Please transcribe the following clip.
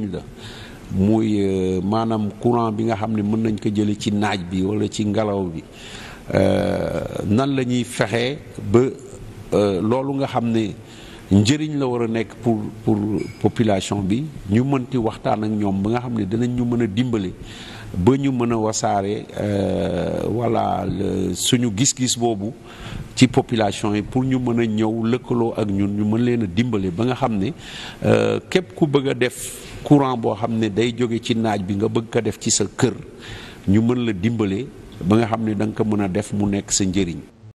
la muy euh, maanaam courant bi nga xam ne mën nañ ko jële ci naaj bi wala ci ngelaw bi euh, nan la ñuy fexee ba euh, loolu nga xam ne njëriñ la war a nekk pour pour population bi ñu mënti waxtaan ak ñoom ba nga xam ne danañ ñu mën a dimbali ba ñu mën a wasaare euh, voilà suñu gis-gis boobu ci population yi pour ñu mën a ñëw lëkkaloo ak ñun ñu mën leen a dimbale ba nga xam ne euh, képp ku bëgg a def courant boo xam ne day jóge ci naaj bi nga bëgg ko def ci sa kër ñu mën la dimbale ba nga xam ne da nga ko mën a def mu nekk sa njëriñ